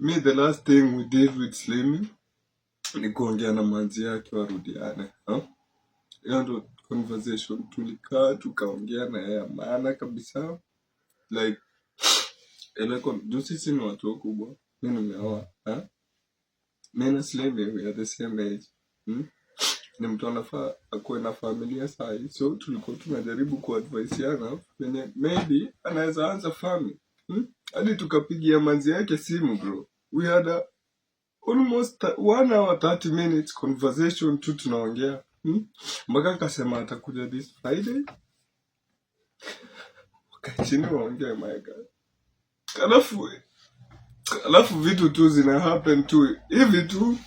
Mi the last thing we did with Slim ni kuongea na manzi yake warudiane, hiyo ndo conversation. Tulikaa tukaongea na yeye maana kabisa, like juu sisi ni watu wakubwa. Mi nimeoa mi na Slim, we are the same age hmm? Ni mtu anafaa akuwe na familia sahi, so tulikuwa tunajaribu kuadvisiana venye maybe anaweza anza family Hmm? hadi tukapigia manzi yake simu bro. We had a almost one hour thirty minutes conversation tu tunaongea hmm? mpaka hmm? Kasema atakuja this Friday wakachini waongea maega, alafu alafu vitu tu zina happen tu hivi tu